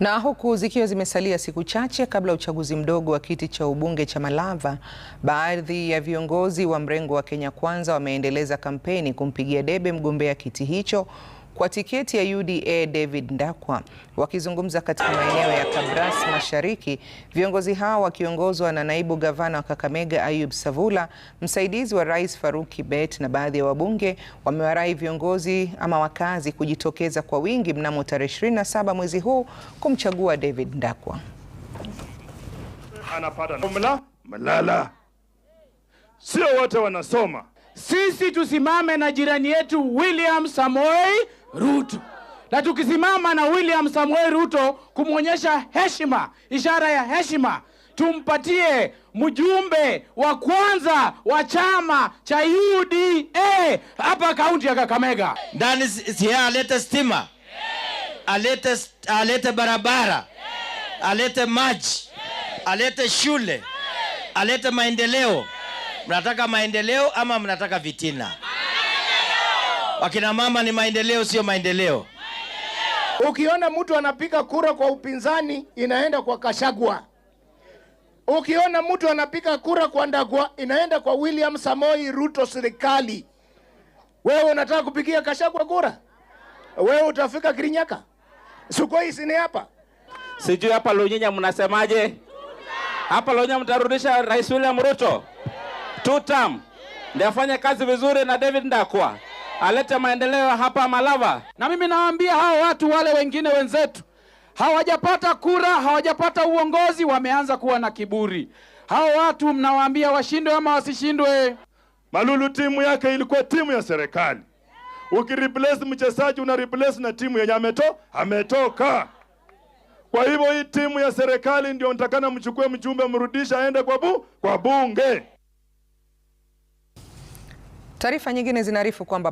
Na huku zikiwa zimesalia siku chache kabla uchaguzi mdogo wa kiti cha ubunge cha Malava, baadhi ya viongozi wa mrengo wa Kenya Kwanza wameendeleza kampeni kumpigia debe mgombea kiti hicho kwa tiketi ya UDA David Ndakwa. Wakizungumza katika maeneo ya Kabras Mashariki, viongozi hao wakiongozwa na naibu gavana wa Kakamega Ayub Savula, msaidizi wa rais Faruk Kibet na baadhi ya wabunge wamewarai viongozi ama wakazi kujitokeza kwa wingi mnamo tarehe 27 mwezi huu kumchagua David Ndakwa. Malala. sio wote wanasoma. Sisi tusimame na jirani yetu William Samoei Ruto na tukisimama na William Samuel Ruto kumwonyesha heshima, ishara ya heshima, tumpatie mjumbe wa kwanza wa chama cha UDA hapa kaunti ya Kakamega. Ndani si alete stima, alete, alete barabara, alete maji, alete shule, alete maendeleo. Mnataka maendeleo ama mnataka vitina? Wakina mama ni maendeleo, sio maendeleo. Maendeleo. Ukiona mtu anapiga kura kwa upinzani inaenda kwa Kashagwa. Ukiona mtu anapiga kura kwa Ndagwa inaenda kwa William Samoi Ruto serikali. Wewe unataka kupigia Kashagwa kura? Wewe utafika Kirinyaka? Sukoi sini hapa. Sijui hapa Lunyanya mnasemaje? Hapa Lunyanya mtarudisha Rais William Ruto. Tutam. term. kazi vizuri na David Ndakwa alete maendeleo hapa Malava. Na mimi nawaambia hao watu wale wengine wenzetu hawajapata kura, hawajapata uongozi, wameanza kuwa na kiburi. Hao watu mnawaambia washindwe ama wasishindwe? Malulu timu yake ilikuwa timu ya serikali. Ukireplace mchezaji una replace na timu yenye ameto ametoka. Kwa hivyo hii timu ya serikali ndio nitakana mchukue mjumbe mrudisha aende kwa bu, kwa bunge. Taarifa nyingine zinaarifu kwamba